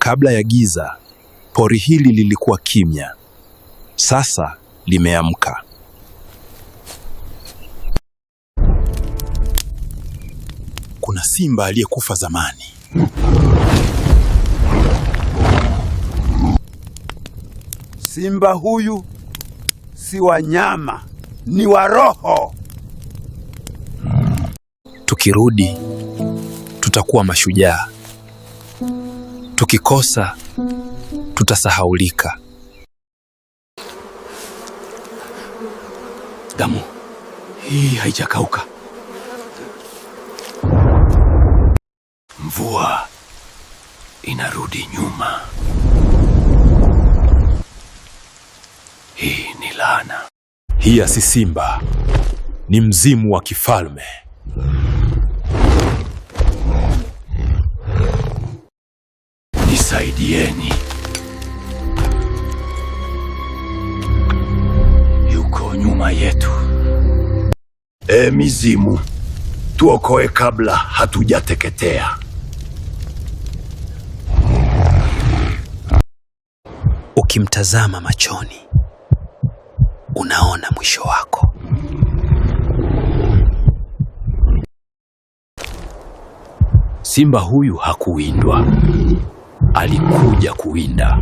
Kabla ya giza, pori hili lilikuwa kimya. Sasa limeamka. Kuna simba aliyekufa zamani. Simba huyu si wanyama, ni wa roho. Tukirudi tutakuwa mashujaa. Tukikosa tutasahaulika. Damu hii haijakauka. Mvua inarudi nyuma. Hii ni laana. Hii si simba, ni mzimu wa kifalme. Saidieni yuko nyuma yetu. E mizimu, tuokoe kabla hatujateketea. Ukimtazama machoni, unaona mwisho wako. Simba huyu hakuwindwa alikuja kuwinda.